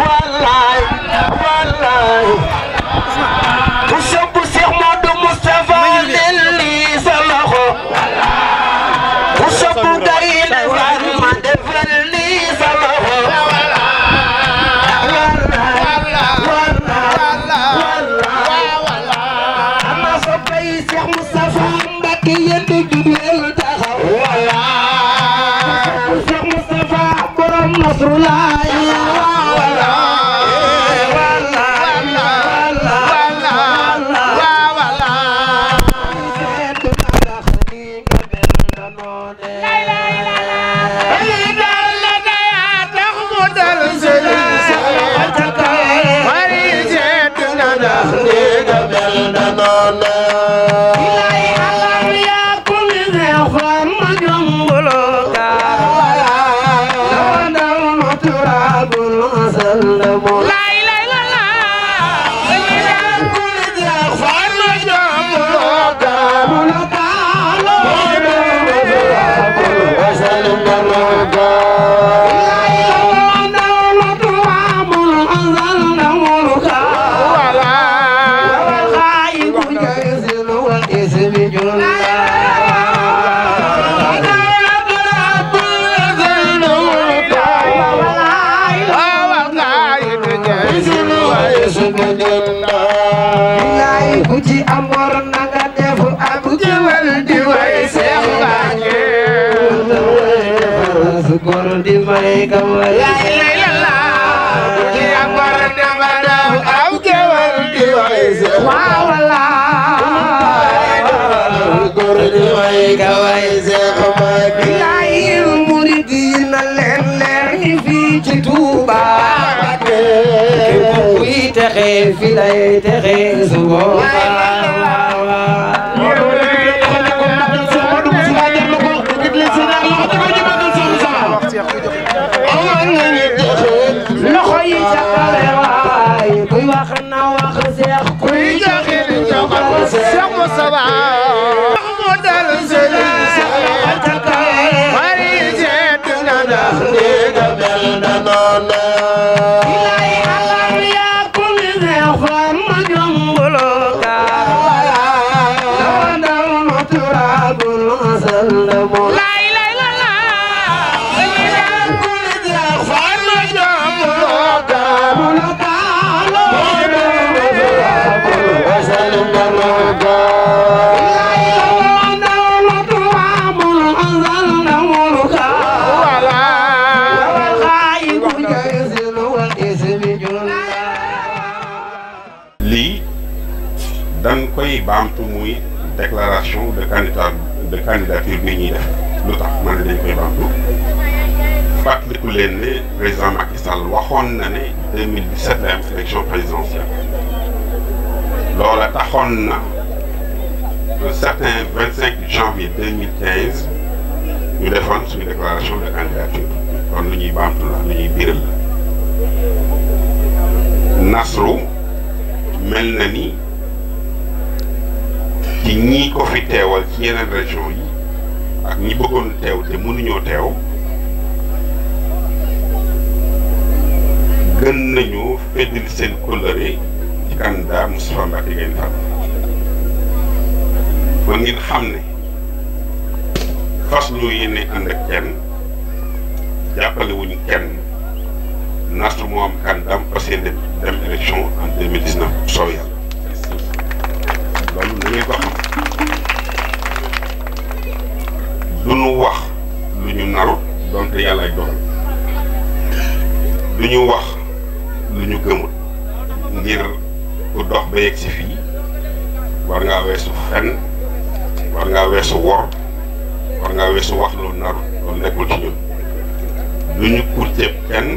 wallaay wallaay ku sëpp Seex Moodu Mustafa del lii sa loxo ku sëpp gay na war ma defal lii sa loxo ana sa bay Seex Mustafa Mbakke yedd jubeel taxaw wallaay Seex Mustafa borom Nasrulaay yo no fi lay texe su boobaa candidat de candidature bi ñuy def lu tax ma ne dañ koy bantu fàttaliku leen ne président Macky Sall waxoon na ne 2017 la am élection présidentielle loola taxoon na un certain 25 janvier 2015 ñu defoon une déclaration de candidature on lu ñuy bantu la lu ñuy biral la mel na ci ñi ko fi teewal ci yeneen région yi ak ñi bëggoon teew te mënuñoo teew gën nañu feddil seen kóllëre ci candidat Moustapha Mbacké Gaïndé Fatma xam ne fas ñu yéene ànd ak kenn jàppale kenn Nasr moo am kan dam passé dem élection en deux ñi ko wax lu ñu narut donte yàlla ay dogal du ñu wax lu ñu gëmut ngir ku dox ba yegg si fii war ngaa weesu fen war ngaa weesu wor war ngaa weesu wax lu narut loolu nekkul ci ñun du ñu kurteeb kenn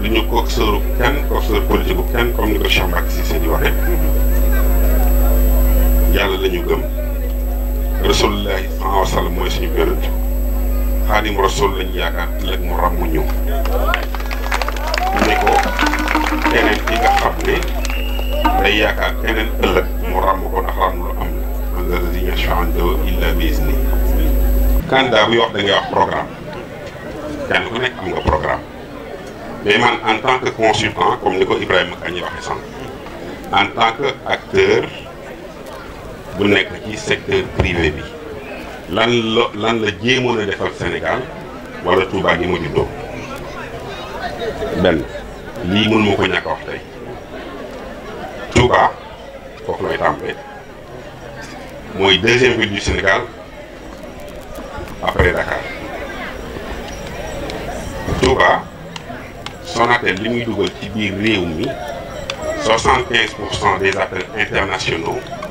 du ñu coxeur kenn coxeur politique kenn comme ni ko Cheikh Mbacke Cissé di waxee. yàlla lañu gëm Rasulullah sallallahu alayhi wa sallam suñu yonent xaadim rasul lañu yaakaar ëllëg mu ràmm ñu ko keneen ki nga xam day yaakaar keneen ëllëg mu ràmm ko ndax ràmm lu am la man alladi yashfa'u indahu illa bi izni wax da wax programme ku nekk am nga programme mais man en tant que consultant comme Ibrahima en tant que acteur bu nekk ci secteur privé bi lan la lan la jéemoon a defal Sénégal wala Touba gi mu juddoo benn lii mën ma ko ñàkk a wax tey Touba foofu lay tàmbalee mooy deuxième ville du Sénégal après Dakar Touba Sonatel li muy dugal ci biir réew mi 75 pour cent des appels internationaux.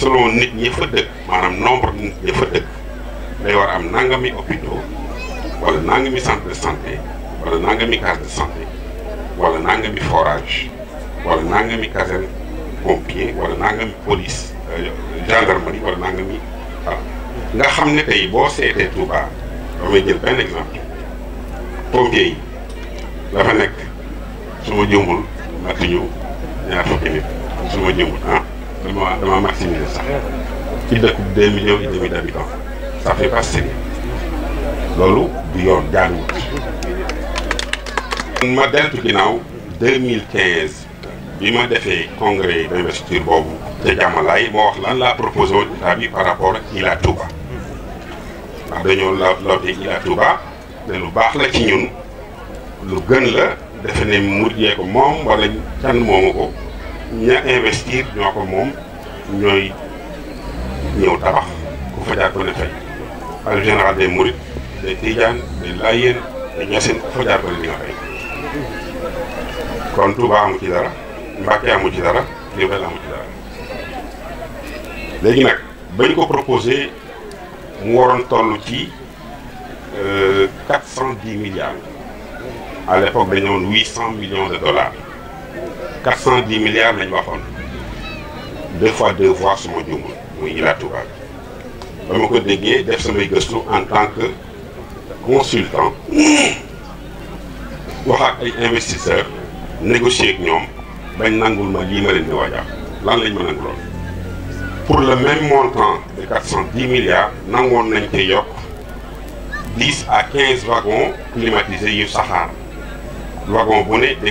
selon nit ñi fa dëkk maanaam nombre nit ñi fa dëkk day war am nangami hôpitaux wala nangami centre de santé wala nangami case de santé wala nangami forage wala nangami caserne pompier wala nangami police euh, gendarmerie wala nangami voilà nga xam ne tey boo seetee Touba damay jël benn exemple pompier yi dafa nekk su ma jëmul matuñu ñaar fukki nit su ma jëmul ah. de dama maximiser ça. ci dëkkub 2 millions et demi d'habitants ça fait pas sérieux loolu du yoon jaaduwut ma deltu ginnaaw 2015 bi ma defee congrès d'investiture boobu ca jàmmalaay moo wax lan la proposé woon par rapport à Ila Touba ndax dañoo la lawte Ila Touba ne lu baax la ci ñun lu gën la defe ne mujjee ko moom wala can moomu ko ña investir ñoo ko moom ñooy ñëw tabax ku fa ko ne fay xalif général des Mourides des Tidiane des Layène des ku fa ko ne di nga fay kon Touba amu ci dara Mbacké amu ci dara Diourbel amu ci dara léegi nag bañ ko proposé mu waroon toll ci euh, quatre cent dix milliards à l'époque dañu huit cent millions de dollars. 410 milliards de deux fois deux voies sur ma juumul il a Touba bi ba ma ko déggee def en tant que consultant Pour les ay investisseurs négocier ak nous, bañ nangul pour le même montant de 410 milliards nous avons 10 à 15 wagons climatisés yu Sahara. wagon bu ne di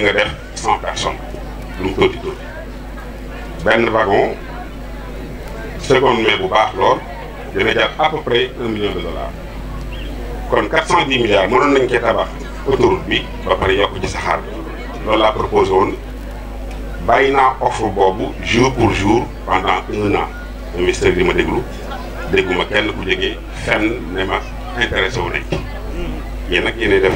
cent personnes lu mu tuuti tuuti benn wagon seconde main bu baax lool dina jar à peu près million de dollars kon quatre cent dix milliards mënoon nañ cee tabax autoroute bi ba pare yokk ci saxaar bi loolu laa proposé woon bàyyi naa offre boobu jour pour jour pendant un an investisseurs yi ma déglu dégguma kenn ku jógee fenn ne ma intéressé wu nañ ci yéen nag yéenay def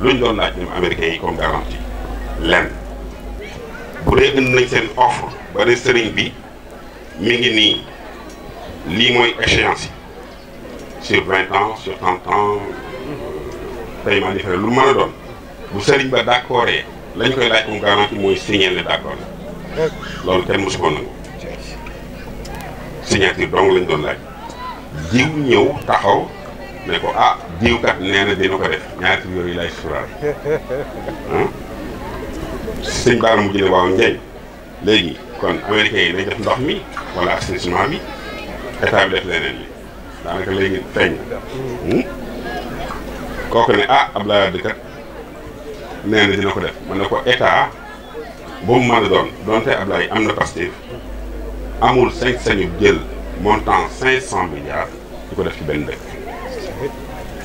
lu ñu doon laaj ñoom américains yi comme garantie lenn bu dee nañ seen offre ba ne sëriñ bi mi ngi nii lii mooy échéance yi sur vingt ans sur trente ans tey lu mën a doon bu sëriñ ba d'accord lañ koy laaj comme garantie mooy signé ne d'accord loolu kenn mosu ko nangu signature dong lañ doon laaj jiw ñëw taxaw ne ko ah diwkat nee dina ko def ñaari tur yooyu lay suturaal ah sëñ baara mujj ne waaw njeeñ léegi kon américain yi nañ ndox mi wala assainissement bi état bi def leneen li daanaka léegi feeñ hmm? kooku ne ah Abdoulaye Wade kat nee na dina ko def man ne ko état ba mu mën a doon donte Abdoulaye am na Pastef amul sañ-sañu jël montant cinq cent milliards di ko def ci benn dëkk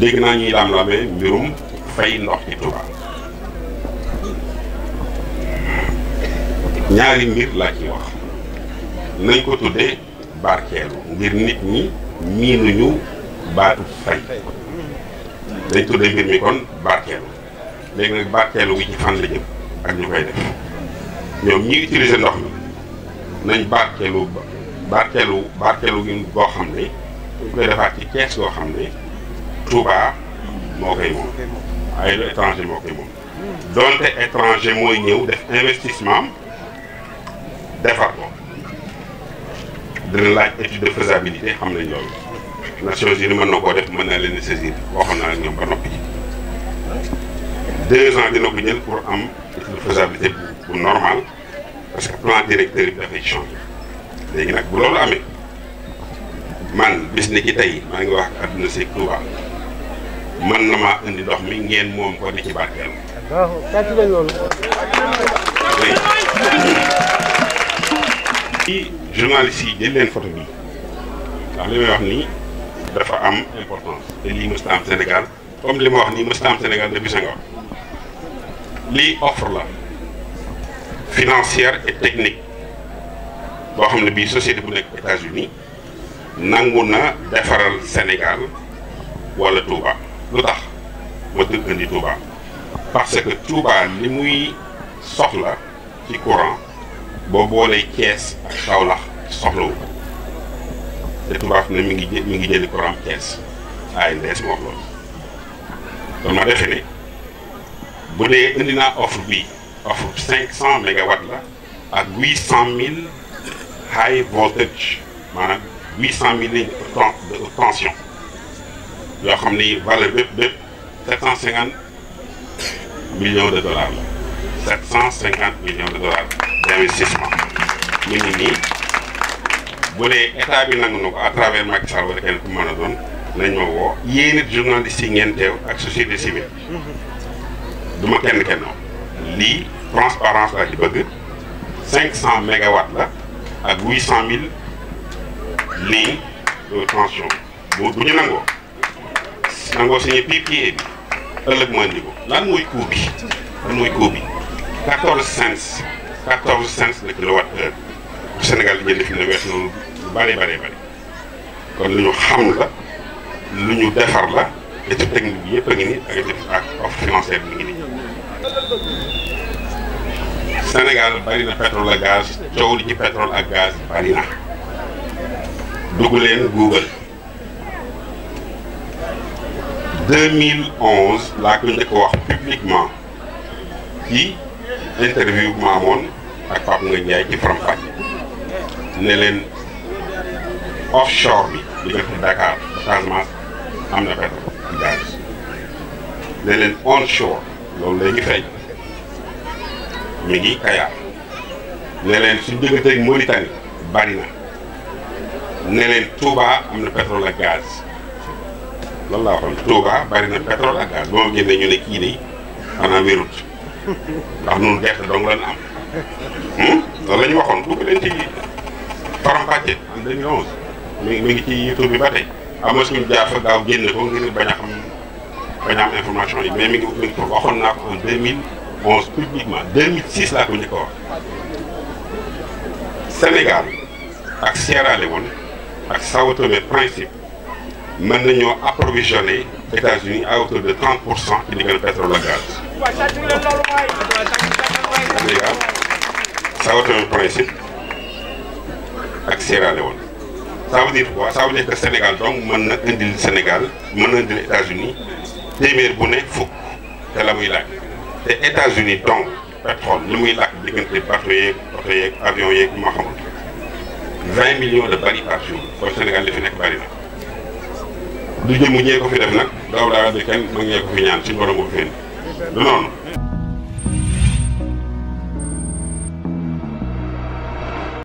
dégg naa ñuy lam-lamee mbirum fay ndox ci Touba ñaari mbir laa ci wax nañ ko tuddee barkeelu ngir nit ñi miinuñu baatu fay dañ tuddee mbir mi kon barkeelu léegi nag barkeelu gi ci fan ak ñu koy def ñoom ñi utiliser ndox mi nañ barkeelu barkeelu barkeelu gi boo xam ne dañ koy defaat ci kees goo xam ne Touba moo koy moom ay lu étranger moo koy moom donte étranger mooy ñëw def investissement defar ko dina laaj étude de faisabilité xam nañ loolu Nations Unies mën na koo def mën na leen saisir waxoon naa ñoom ba noppi deux ans dina ko jël pour am étude de faisabilité bu bu normal parce que plan directeur bi dafay changé léegi nag bu loolu amee man bis ni ci tey maa ngi wax àdduna si Touba man na ma andi dox mi ngeen mom ko ni ci barkel ci journaliste yi jël leen photo bi wax ni dafa am importance te lii mësta senegal comme li wax nii mësta am Senegal depuis offre la financière et technique société bu états wala Touba lu tax ma dëkkandi Touba parce que Touba li muy soxla ci courant boo boolee Thiès ak Kaolack soxlawu ko te Touba fi ne ngi jë mi ngi jëli courant Thiès ay ndees moo loolu kon ma defe ne bu dee indi naa offre bii offre cinq la ak huit cent mille high voltage maanaam huit cent mille de tension yo xamni valeur bëpp bëpp 750 millions de dollars 750 millions de dollars d'investissement mi ngi nii bu ne état bi ko à travers le Sall wala kenn ku mën a doon nañ ma woo yéen it journaliste ak société civile. du ma kenn kenn wax transparence la bëgg 500 mégawatts à 800 000 lignes de tension bu ñu nangoo. nangoo signé PPA bi ëllëg mu andi mooy coût bi lan mooy coût bi kon lu ñu xam la lu ñu defar la étude technique bi yëpp ngi nii ak étude ak offre bari na ak gaz coow li ci pétrole ak gaz bari dugg leen Google. 2011 laa ko njëkk wax publiquement ci interview bu ma amoon ak Pape Ngagne Ndiaye ci Faram Facce ne leen offshore bi diggante Dakar Casamance am na pétrole ak gaz ne leen onshore loolu léegi feeñ mi ngi Kayar ne leen suñ diggante ak Mauritanie bari na am na pétrole ak gaz. loolu laa waxoon Touba bari na pétrole ak gaz boo ma génnee ñu ne kii nii maanaam wérut ndax ñun gerte dong lañ hmm? la ñu waxoon bu leen ci faram-fàccee en mi mi ngi ci YouTube bi ba tey am na suñu jaar fa gaaw génne ko ngir bañ a xam bañ a am information yi mais mi ngi ko waxoon naa ko en 2011 publiquement 2006 laa ko njëkk a wax Sénégal ak Sierra ak Sao Principe. avons approvisionné approvisionner États-Unis à hauteur de 30 de cent pétrole gaz. Sénégal ça va un principe ak Sierra Leone ça veut dire quoi ça veut dire que le Sénégal donc mën est le Sénégal mën na États-Unis les bu ne fukk c'est la muy Et les États-Unis donc pétrole le muy laaj diggante bateau yeeg oto 20 millions de barils par jour le Sénégal les fi nekk du jëmm ñee ko fi def nag daaw daa di kenn mag ñee ko fi ñaan suñu borom fi du noonu